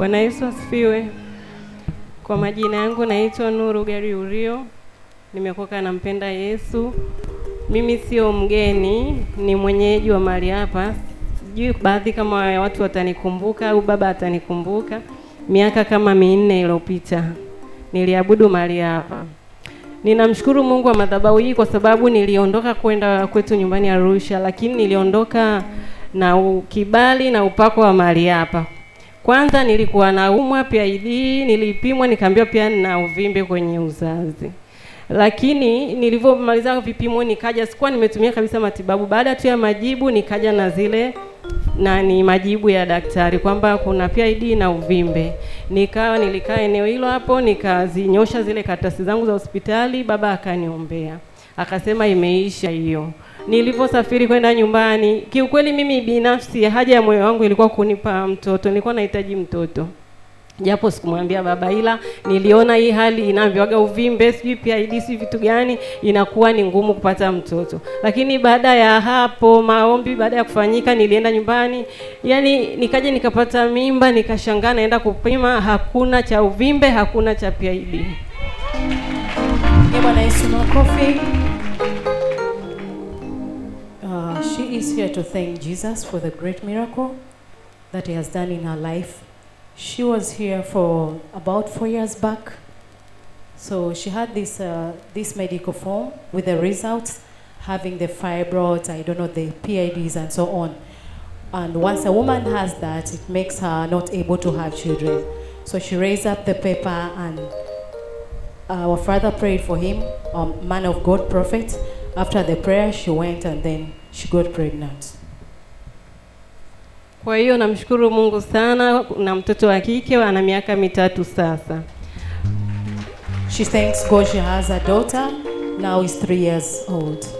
Bwana Yesu asifiwe. Kwa majina yangu naitwa Nuru Gari Urio, nimekoka nampenda Yesu. Mimi sio mgeni, ni mwenyeji wa mahali hapa. Sijui baadhi kama watu watanikumbuka au baba atanikumbuka. Miaka kama minne iliyopita niliabudu mahali hapa. Ninamshukuru Mungu wa madhabahu hii kwa sababu niliondoka kwenda kwetu nyumbani Arusha, lakini niliondoka na ukibali na upako wa mahali hapa. Kwanza nilikuwa naumwa PID, nilipimwa nikaambiwa pia nina uvimbe kwenye uzazi. Lakini nilivyomaliza vipimo nikaja, sikuwa nimetumia kabisa matibabu. Baada tu ya majibu nikaja na zile nani majibu ya daktari kwamba kuna PID na uvimbe. Nikawa nilikaa eneo hilo hapo, nikazinyosha zile karatasi zangu za hospitali, baba akaniombea akasema imeisha hiyo nilivyosafiri kwenda nyumbani, kiukweli mimi binafsi haja ya moyo wangu ilikuwa kunipa mtoto, nilikuwa nahitaji mtoto japo sikumwambia baba, ila niliona hii hali inavyoaga uvimbe, sijui PID, si vitu gani, inakuwa ni ngumu kupata mtoto. Lakini baada ya hapo maombi, baada ya kufanyika, nilienda nyumbani, yani nikaja nikapata mimba, nikashangaa, naenda kupima, hakuna cha uvimbe, hakuna cha PID. Bwana Yesu, makofi. is here to thank Jesus for the great miracle that he has done in her life. She was here for about four years back. So she had this, uh, this medical form with the results, having the fibroids, I don't know, the PIDs and so on. And once a woman has that, it makes her not able to have children. So she raised up the paper and our father prayed for him, um, man of God, prophet, After the prayer she went and then she got pregnant. Kwa hiyo namshukuru Mungu sana na mtoto wa kike ana miaka mitatu sasa. She thanks God she has a daughter now is three years old.